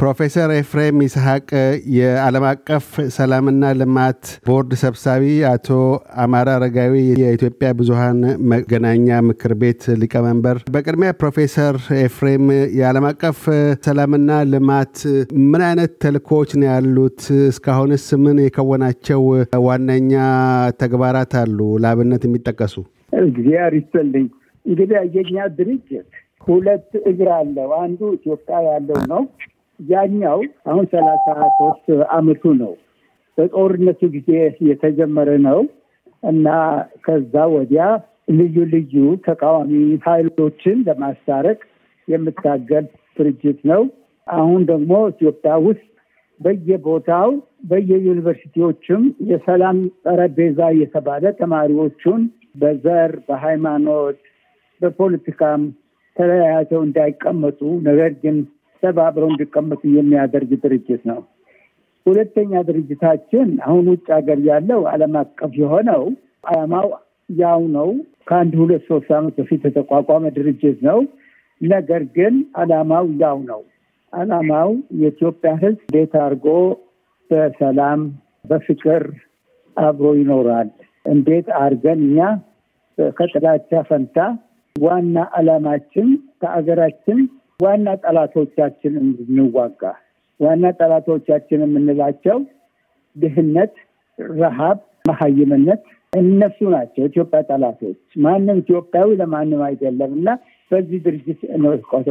ፕሮፌሰር ኤፍሬም ይስሐቅ የዓለም አቀፍ ሰላምና ልማት ቦርድ ሰብሳቢ፣ አቶ አማራ አረጋዊ የኢትዮጵያ ብዙሃን መገናኛ ምክር ቤት ሊቀመንበር። በቅድሚያ ፕሮፌሰር ኤፍሬም የዓለም አቀፍ ሰላምና ልማት ምን አይነት ተልእኮዎች ነው ያሉት? እስካሁንስ ምን የከወናቸው ዋነኛ ተግባራት አሉ? ለአብነት የሚጠቀሱ። እግዚአብሔር ይስጥልኝ። እንግዲህ የኛ ድርጅት ሁለት እግር አለው። አንዱ ኢትዮጵያ ያለው ነው ያኛው አሁን ሰላሳ ሶስት አመቱ ነው። በጦርነቱ ጊዜ የተጀመረ ነው እና ከዛ ወዲያ ልዩ ልዩ ተቃዋሚ ኃይሎችን ለማስታረቅ የምታገል ድርጅት ነው። አሁን ደግሞ ኢትዮጵያ ውስጥ በየቦታው በየዩኒቨርሲቲዎችም የሰላም ጠረጴዛ የተባለ ተማሪዎቹን በዘር፣ በሃይማኖት፣ በፖለቲካም ተለያይተው እንዳይቀመጡ ነገር ግን ተባብረው እንዲቀመጡ የሚያደርግ ድርጅት ነው። ሁለተኛ ድርጅታችን አሁን ውጭ ሀገር ያለው ዓለም አቀፍ የሆነው ዓላማው ያው ነው። ከአንድ ሁለት ሶስት ዓመት በፊት የተቋቋመ ድርጅት ነው። ነገር ግን ዓላማው ያው ነው። ዓላማው የኢትዮጵያ ሕዝብ እንዴት አድርጎ በሰላም በፍቅር አብሮ ይኖራል፣ እንዴት አድርገን እኛ ከጥላቻ ፈንታ ዋና ዓላማችን ከአገራችን ዋና ጠላቶቻችን እንድንዋጋ ዋና ጠላቶቻችን የምንላቸው ድህነት፣ ረሃብ፣ መሀይምነት እነሱ ናቸው ኢትዮጵያ ጠላቶች። ማንም ኢትዮጵያዊ ለማንም አይደለም እና በዚህ ድርጅት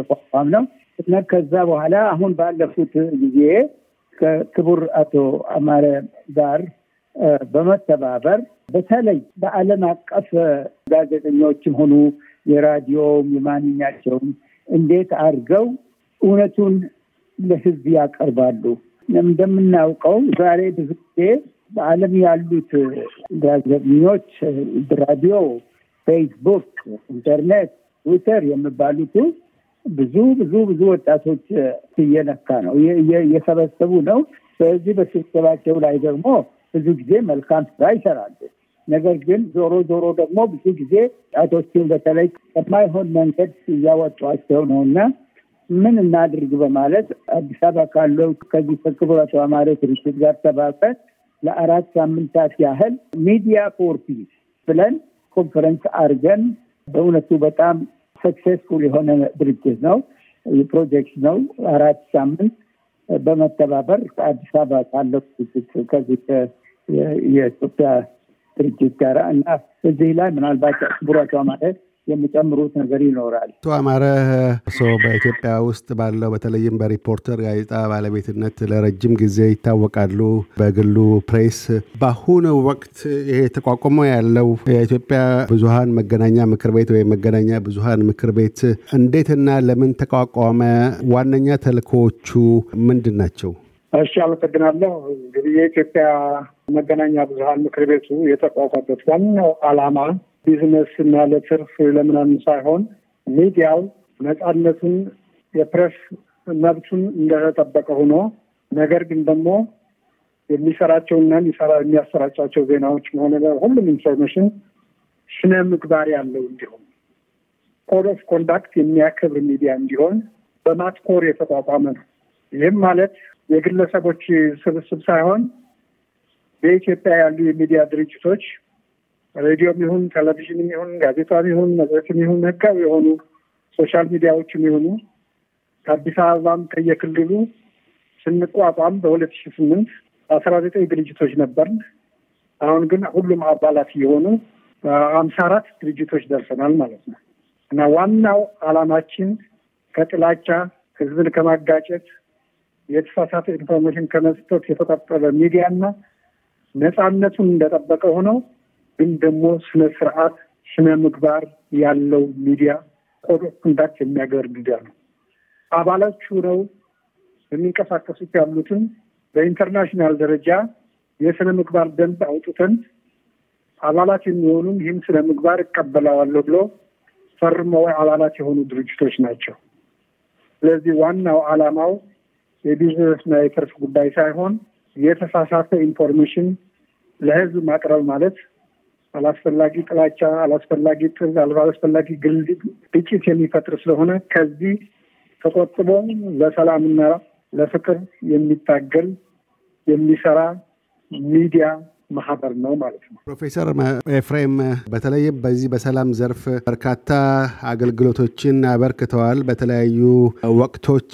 ተቋም ነው እና ከዛ በኋላ አሁን ባለፉት ጊዜ ከክቡር አቶ አማረ ጋር በመተባበር በተለይ በዓለም አቀፍ ጋዜጠኞችም ሆኑ የራዲዮም የማንኛቸውም እንዴት አድርገው እውነቱን ለህዝብ ያቀርባሉ። እንደምናውቀው ዛሬ ብዙ ጊዜ በዓለም ያሉት ጋዜጠኞች ራዲዮ፣ ፌስቡክ፣ ኢንተርኔት፣ ትዊተር የሚባሉት ብዙ ብዙ ብዙ ወጣቶች እየነካ ነው እየሰበሰቡ ነው። በዚህ በስብሰባቸው ላይ ደግሞ ብዙ ጊዜ መልካም ስራ ይሰራሉ። ነገር ግን ዞሮ ዞሮ ደግሞ ብዙ ጊዜ ጫቶችን በተለይ ከማይሆን መንገድ እያወጧቸው ነው እና ምን እናድርግ በማለት አዲስ አበባ ካለው ከዚህ ከክቡር አቶ አማረ ድርጅት ጋር ተባብረን ለአራት ሳምንታት ያህል ሚዲያ ፎር ፒስ ብለን ኮንፈረንስ አድርገን በእውነቱ በጣም ሰክሴስፉል የሆነ ድርጅት ነው፣ ፕሮጀክት ነው። አራት ሳምንት በመተባበር ከአዲስ አበባ ካለው ድርጅት ከዚህ የኢትዮጵያ ድርጅት ጋር እና እዚህ ላይ ምናልባት ክቡራቸው ማለት የሚጨምሩት ነገር ይኖራል። አቶ አማረ በኢትዮጵያ ውስጥ ባለው በተለይም በሪፖርተር ጋዜጣ ባለቤትነት ለረጅም ጊዜ ይታወቃሉ፣ በግሉ ፕሬስ። በአሁኑ ወቅት ይሄ ተቋቁሞ ያለው የኢትዮጵያ ብዙሀን መገናኛ ምክር ቤት ወይም መገናኛ ብዙሀን ምክር ቤት እንዴትና ለምን ተቋቋመ? ዋነኛ ተልእኮዎቹ ምንድን ናቸው? እሺ፣ አመሰግናለሁ። እንግዲህ የኢትዮጵያ መገናኛ ብዙሃን ምክር ቤቱ የተቋቋበት ዋናው ዓላማ ቢዝነስ እና ለትርፍ ለምናምን ሳይሆን ሚዲያው ነጻነቱን የፕሬስ መብቱን እንደተጠበቀ ሆኖ ነገር ግን ደግሞ የሚሰራቸውና የሚያሰራጫቸው ዜናዎች መሆን ሁሉም ኢንፎርሜሽን ስነ ምግባር ያለው እንዲሆን ኮድ ኦፍ ኮንዳክት የሚያከብር ሚዲያ እንዲሆን በማትኮር የተቋቋመ ነው። ይህም ማለት የግለሰቦች ስብስብ ሳይሆን በኢትዮጵያ ያሉ የሚዲያ ድርጅቶች ሬዲዮም ይሁን ቴሌቪዥንም ይሁን ጋዜጣም ይሁን መጽሔትም ይሁን ህጋዊ የሆኑ ሶሻል ሚዲያዎችም ይሁኑ ከአዲስ አበባም ከየክልሉ ስንቋቋም በሁለት ሺ ስምንት አስራ ዘጠኝ ድርጅቶች ነበርን። አሁን ግን ሁሉም አባላት የሆኑ አምሳ አራት ድርጅቶች ደርሰናል ማለት ነው እና ዋናው አላማችን ከጥላቻ ህዝብን ከማጋጨት የተሳሳተ ኢንፎርሜሽን ከመስጠት የተቆጠበ ሚዲያና ነፃነቱን እንደጠበቀ ሆነው ግን ደግሞ ስነ ስርዓት፣ ስነ ምግባር ያለው ሚዲያ ኮድ ኦፍ የሚያገር ሚዲያ ነው። አባላቹ ነው የሚንቀሳቀሱት ያሉትን በኢንተርናሽናል ደረጃ የስነ ምግባር ደንብ አውጥተን አባላት የሚሆኑም ይህም ስነ ምግባር እቀበለዋለሁ ብሎ ፈርመው አባላት የሆኑ ድርጅቶች ናቸው። ስለዚህ ዋናው ዓላማው የቢዝነስና የትርፍ ጉዳይ ሳይሆን የተሳሳተ ኢንፎርሜሽን ለህዝብ ማቅረብ ማለት አላስፈላጊ ጥላቻ፣ አላስፈላጊ ጥዝ፣ አላስፈላጊ ግል ግጭት የሚፈጥር ስለሆነ ከዚህ ተቆጥቦ ለሰላምና ለፍቅር የሚታገል የሚሰራ ሚዲያ ማህበር ነው ማለት ነው። ፕሮፌሰር ኤፍሬም በተለይም በዚህ በሰላም ዘርፍ በርካታ አገልግሎቶችን አበርክተዋል በተለያዩ ወቅቶች።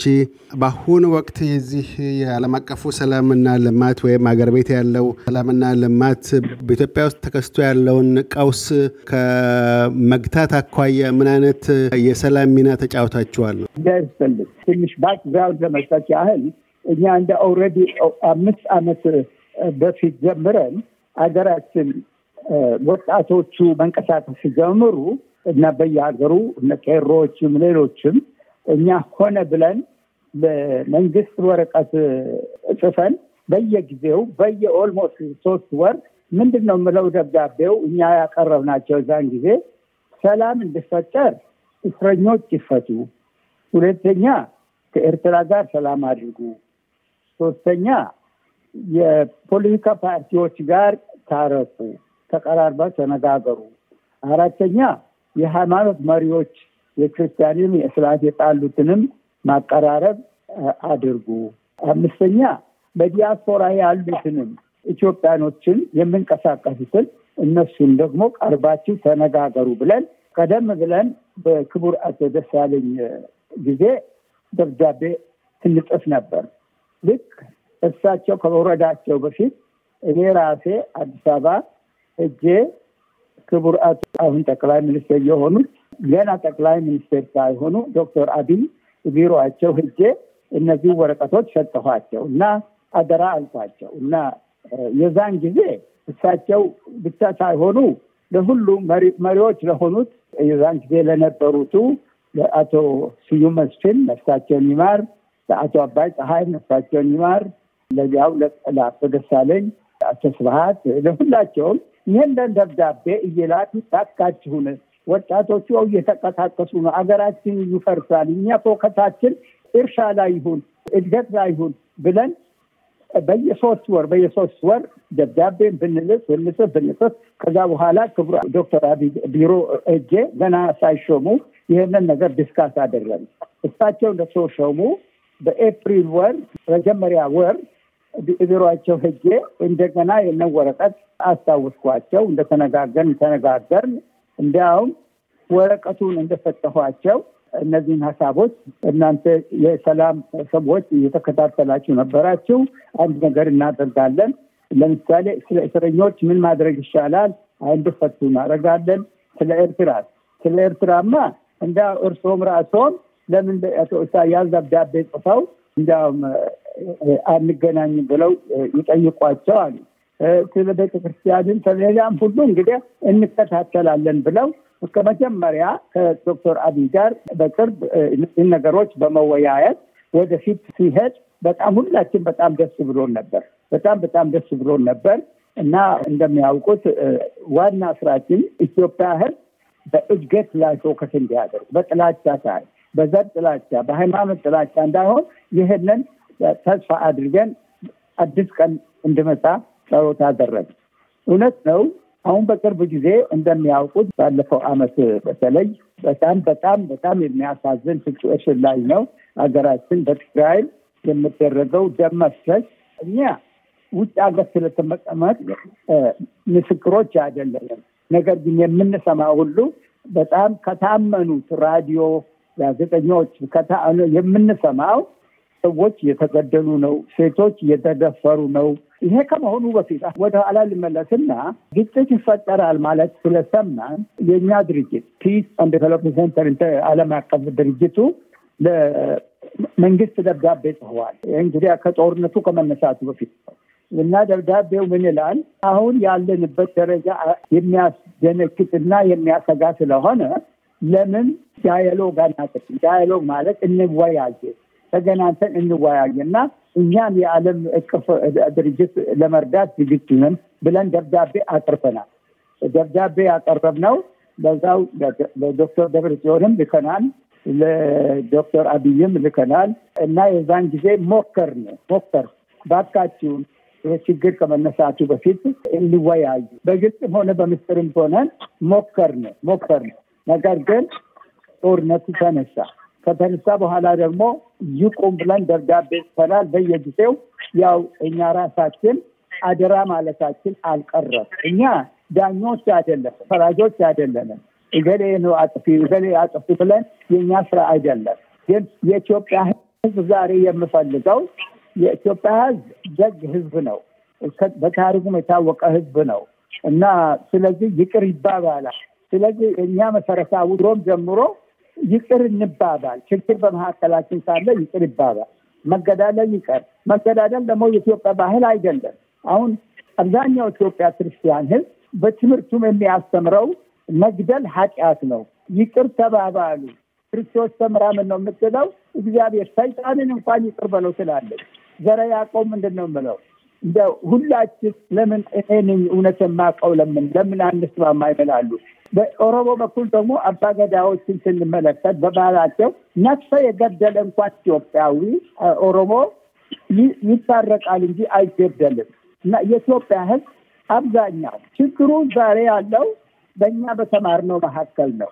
በአሁኑ ወቅት የዚህ የዓለም አቀፉ ሰላምና ልማት ወይም አገር ቤት ያለው ሰላምና ልማት በኢትዮጵያ ውስጥ ተከስቶ ያለውን ቀውስ ከመግታት አኳያ ምን አይነት የሰላም ሚና ተጫውታችኋል? ትንሽ ባክግራውንድ ለመስጠት ያህል እኛ እንደ ኦልሬዲ አምስት ዓመት በፊት ጀምረን አገራችን ወጣቶቹ መንቀሳቀስ ሲጀምሩ እና በየሀገሩ ቄሮዎችም ሌሎችም እኛ ሆነ ብለን በመንግስት ወረቀት ጽፈን በየጊዜው በየኦልሞስት ሶስት ወር ምንድን ነው የምለው ደብዳቤው እኛ ያቀረብናቸው እዛን ጊዜ ሰላም እንዲፈጠር እስረኞች ይፈቱ፣ ሁለተኛ ከኤርትራ ጋር ሰላም አድርጉ፣ ሶስተኛ የፖለቲካ ፓርቲዎች ጋር ታረቁ፣ ተቀራርባ ተነጋገሩ። አራተኛ የሃይማኖት መሪዎች የክርስቲያንም የእስላት የጣሉትንም ማቀራረብ አድርጉ። አምስተኛ በዲያስፖራ ያሉትንም ኢትዮጵያኖችን የምንቀሳቀሱትን እነሱን ደግሞ ቀርባችሁ ተነጋገሩ ብለን ቀደም ብለን በክቡር አቶ ደሳለኝ ጊዜ ደብዳቤ ስንጽፍ ነበር። ልክ እሳቸው ከመውረዳቸው በፊት እኔ ራሴ አዲስ አበባ እጄ ክቡር አቶ አሁን ጠቅላይ ሚኒስትር የሆኑት ገና ጠቅላይ ሚኒስትር ሳይሆኑ ዶክተር አብይ ቢሮቸው ህጄ እነዚህ ወረቀቶች ሰጠኋቸው እና አደራ አልኳቸው እና የዛን ጊዜ እሳቸው ብቻ ሳይሆኑ ለሁሉ መሪዎች ለሆኑት የዛን ጊዜ ለነበሩቱ ለአቶ ስዩም መስፍን ነፍሳቸውን ይማር፣ ለአቶ አባይ ፀሐይ ነፍሳቸውን ይማር፣ ለዚያው ለጠላት በደሳለኝ አቶ ስብሀት ለሁላቸውም ይህንን ደብዳቤ እየላክ ታካችሁን ወጣቶቹ እየተቀሳቀሱ ነው። አገራችን ይፈርሳል። እኛ ፎከታችን እርሻ ላይ ይሁን እድገት ላይ ይሁን ብለን በየሶስት ወር በየሶስት ወር ደብዳቤን ብንልስ ብንጽፍ ብንጽፍ ከዛ በኋላ ክቡር ዶክተር አብይ ቢሮ እጄ ገና ሳይሾሙ ይህንን ነገር ዲስካስ አደረግ እሳቸው እንደተሾሙ በኤፕሪል ወር መጀመሪያ ወር ቢሮቸው ሄጄ እንደገና የነ ወረቀት አስታውስኳቸው። እንደተነጋገርን ተነጋገርን። እንዲያውም ወረቀቱን እንደሰጠኋቸው እነዚህን ሀሳቦች እናንተ የሰላም ሰዎች እየተከታተላችሁ ነበራችሁ፣ አንድ ነገር እናደርጋለን። ለምሳሌ ስለ እስረኞች ምን ማድረግ ይሻላል፣ እንዲፈቱ እናደርጋለን። ስለ ኤርትራ ስለ ኤርትራማ እንዲያው እርስዎም ራስዎም ለምን አቶ ኢሳያስ ደብዳቤ ጽፈው እንዲያውም አንገናኝ ብለው ይጠይቋቸው አሉ። ስለ ቤተክርስቲያንን ተሌላም ሁሉ እንግዲህ እንከታተላለን ብለው እስከ መጀመሪያ ከዶክተር አብይ ጋር በቅርብ ነገሮች በመወያየት ወደፊት ሲሄድ በጣም ሁላችን በጣም ደስ ብሎን ነበር። በጣም በጣም ደስ ብሎን ነበር እና እንደሚያውቁት ዋና ስራችን ኢትዮጵያ ህዝብ በእድገት ላይ ፎከስ እንዲያደርግ በጥላቻ ሳይ በዘር ጥላቻ፣ በሃይማኖት ጥላቻ እንዳይሆን ይህንን ተስፋ አድርገን አዲስ ቀን እንድመጣ ጸሎት አደረግ። እውነት ነው። አሁን በቅርብ ጊዜ እንደሚያውቁት ባለፈው ዓመት በተለይ በጣም በጣም በጣም የሚያሳዝን ሲቹዌሽን ላይ ነው ሀገራችን በትግራይ የምደረገው ደም መፍሰስ እኛ ውጭ ሀገር ስለተመቀመጥ ምስክሮች አይደለንም። ነገር ግን የምንሰማ ሁሉ በጣም ከታመኑት ራዲዮ ጋዜጠኞች የምንሰማው ሰዎች እየተገደሉ ነው፣ ሴቶች እየተደፈሩ ነው። ይሄ ከመሆኑ በፊት ወደ ኋላ ልመለስና ግጭት ይፈጠራል ማለት ስለሰማን የእኛ ድርጅት ፒስ ኤንድ ዴቨሎፕመንት ሴንተር ዓለም አቀፍ ድርጅቱ ለመንግስት ደብዳቤ ጽፈዋል። እንግዲህ ከጦርነቱ ከመነሳቱ በፊት እና ደብዳቤው ምን ይላል? አሁን ያለንበት ደረጃ እና የሚያሰጋ ስለሆነ ለምን ዳያሎግ አናቅ ዳያሎግ ማለት እንወያየ ተገናኝተን እንወያይና እኛም የዓለም እቅፍ ድርጅት ለመርዳት ዝግጁ ነን ብለን ደብዳቤ አቅርበናል። ደብዳቤ ያቀረብነው በዛው ለዶክተር ደብረ ጽዮንም ልከናል፣ ለዶክተር አብይም ልከናል እና የዛን ጊዜ ሞከር ነው ሞከር ባካችሁን ይህ ችግር ከመነሳቱ በፊት እንወያዩ። በግልጽም ሆነ በምስጥርም ሆነን ሞከር ነው ሞከር ነው። ነገር ግን ጦርነቱ ተነሳ። ከተነሳ በኋላ ደግሞ ይቁም ብለን ደብዳቤ ይፈላል በየጊዜው ያው እኛ ራሳችን አደራ ማለታችን አልቀረም። እኛ ዳኞች አይደለም፣ ፈራጆች አይደለንም። እገሌ ነው አጥፊ እገሌ አጥፊ ብለን የእኛ ስራ አይደለም። ግን የኢትዮጵያ ሕዝብ ዛሬ የምፈልገው የኢትዮጵያ ሕዝብ ደግ ሕዝብ ነው። በታሪኩም የታወቀ ሕዝብ ነው እና ስለዚህ ይቅር ይባባላል። ስለዚህ እኛ መሰረታዊ ድሮም ጀምሮ ይቅር እንባባል። ችግር በመካከላችን ሳለ ይቅር ይባባል። መገዳደል ይቀር። መገዳደል ደግሞ የኢትዮጵያ ባህል አይደለም። አሁን አብዛኛው ኢትዮጵያ ክርስቲያን ህዝብ በትምህርቱም የሚያስተምረው መግደል ኃጢአት ነው። ይቅር ተባባሉ። ክርስቶስ ተምራምን ነው የምትለው። እግዚአብሔር ሰይጣንን እንኳን ይቅር በለው ትላለች። ዘረ ያዕቆብ ምንድን ነው የምለው? እንደ ሁላችን ለምን እኔን እውነት የማውቀው ለምን ለምን አንስማማ ይላሉ። በኦሮሞ በኩል ደግሞ አባገዳዎችን ስንመለከት በባህላቸው ነፍሰ የገደለ እንኳን ኢትዮጵያዊ ኦሮሞ ይታረቃል እንጂ አይገደልም። እና የኢትዮጵያ ሕዝብ አብዛኛው ችግሩ ዛሬ ያለው በእኛ በተማርነው መካከል ነው።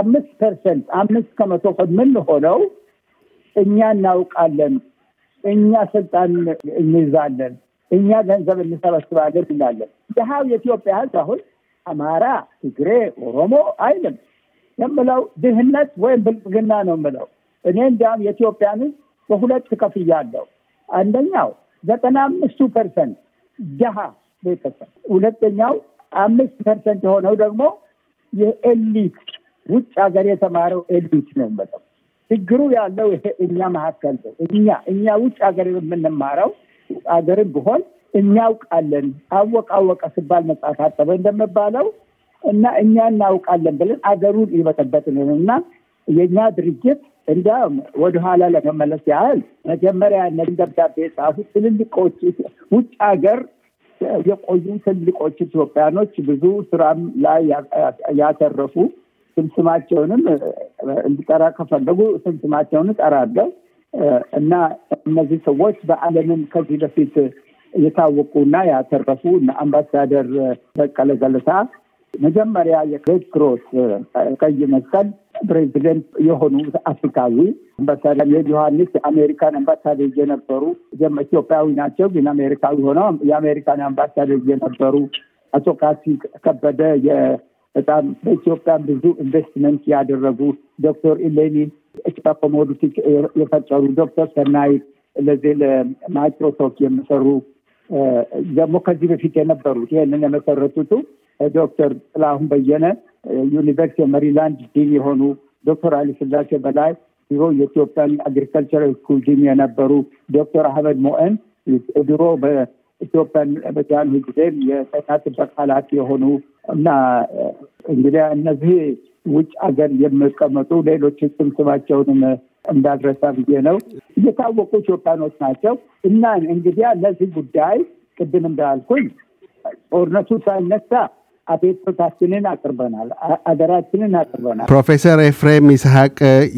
አምስት ፐርሰንት አምስት ከመቶ የምንሆነው እኛ እናውቃለን፣ እኛ ስልጣን እንይዛለን፣ እኛ ገንዘብ እንሰበስባለን እናለን። ድሃው የኢትዮጵያ ሕዝብ አሁን አማራ፣ ትግሬ፣ ኦሮሞ አይልም። የምለው ድህነት ወይም ብልጽግና ነው የምለው። እኔ እንዲያውም የኢትዮጵያን ሕዝብ በሁለት ከፍያለሁ። አንደኛው ዘጠና አምስቱ ፐርሰንት ድሃ ቤተሰብ፣ ሁለተኛው አምስት ፐርሰንት የሆነው ደግሞ የኤሊት ውጭ ሀገር የተማረው ኤሊት ነው የምለው። ችግሩ ያለው ይሄ እኛ መካከል ነው። እኛ እኛ ውጭ ሀገር የምንማረው ሀገርን ብሆን እናውቃለን አወቅ አወቀ ሲባል መጽሐፍ አጠበ እንደምባለው እና እኛ እናውቃለን ብለን አገሩን ይበጠበጥን እና የእኛ ድርጅት እንዲያውም ወደኋላ ለመመለስ ያህል መጀመሪያ እነዚህ ደብዳቤ የጻፉ ትልልቆች ውጭ ሀገር የቆዩ ትልቆች ኢትዮጵያኖች ብዙ ስራም ላይ ያተረፉ ስምስማቸውንም እንዲጠራ ከፈለጉ ስምስማቸውን ጠራለው እና እነዚህ ሰዎች በዓለምን ከዚህ በፊት የታወቁና ያተረፉ እነ አምባሳደር በቀለ ገለታ መጀመሪያ የሬድ ክሮስ ቀይ መስቀል ፕሬዚደንት የሆኑ አፍሪካዊ አምባሳደር ዮሐንስ የአሜሪካን አምባሳደር እየነበሩ ኢትዮጵያዊ ናቸው፣ ግን አሜሪካዊ ሆነው የአሜሪካን አምባሳደር እየነበሩ አቶ ካሲ ከበደ በጣም በኢትዮጵያ ብዙ ኢንቨስትመንት ያደረጉ ዶክተር ኢሌኒ ኤክስፓ ኮሞዲቲ የፈጠሩ ዶክተር ሰናይ ለዚህ ለማይክሮሶፍት የሚሰሩ ደግሞ ከዚህ በፊት የነበሩት ይህንን የመሰረቱቱ ዶክተር ጥላሁን በየነ ዩኒቨርሲቲ ሜሪላንድ ዲን የሆኑ ዶክተር ስላሴ በላይ ድሮ የኢትዮጵያን አግሪካልቸራል ስኩል ዲን የነበሩ ዶክተር አህመድ ሞኤን ድሮ በኢትዮጵያን በጃኑ ጊዜም የጤና ጥበቃ ኃላፊ የሆኑ እና እንግዲህ እነዚህ ውጭ ሀገር የሚቀመጡ ሌሎች ስም ስማቸውንም እንዳድረሳ ብዬ ነው እየታወቁ ኢትዮጵያኖች ናቸው። እና እንግዲያ ለዚህ ጉዳይ ቅድም እንዳልኩኝ ጦርነቱ ሳይነሳ አቤቱታችንን አቅርበናል፣ አገራችንን አቅርበናል። ፕሮፌሰር ኤፍሬም ይስሐቅ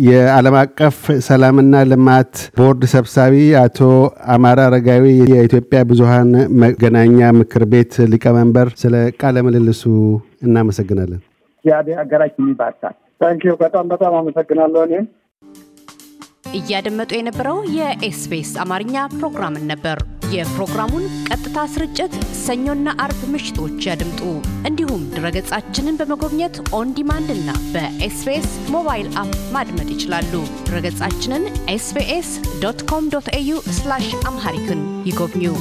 የዓለም አቀፍ ሰላምና ልማት ቦርድ ሰብሳቢ፣ አቶ አማራ አረጋዊ የኢትዮጵያ ብዙሀን መገናኛ ምክር ቤት ሊቀመንበር፣ ስለ ቃለ ምልልሱ እናመሰግናለን። እግዚአብሔር ሀገራችን ይባርካል። ታንኪዩ በጣም በጣም አመሰግናለሁ። እኔም እያደመጡ የነበረው የኤስቢኤስ አማርኛ ፕሮግራምን ነበር። የፕሮግራሙን ቀጥታ ስርጭት ሰኞና አርብ ምሽቶች ያድምጡ። እንዲሁም ድረገጻችንን በመጎብኘት ኦን ዲማንድ እና በኤስቢኤስ ሞባይል አፕ ማድመጥ ይችላሉ። ድረገጻችንን ኤስቢኤስ ዶት ኮም ዶት ኤዩ አምሃሪክን ይጎብኙ።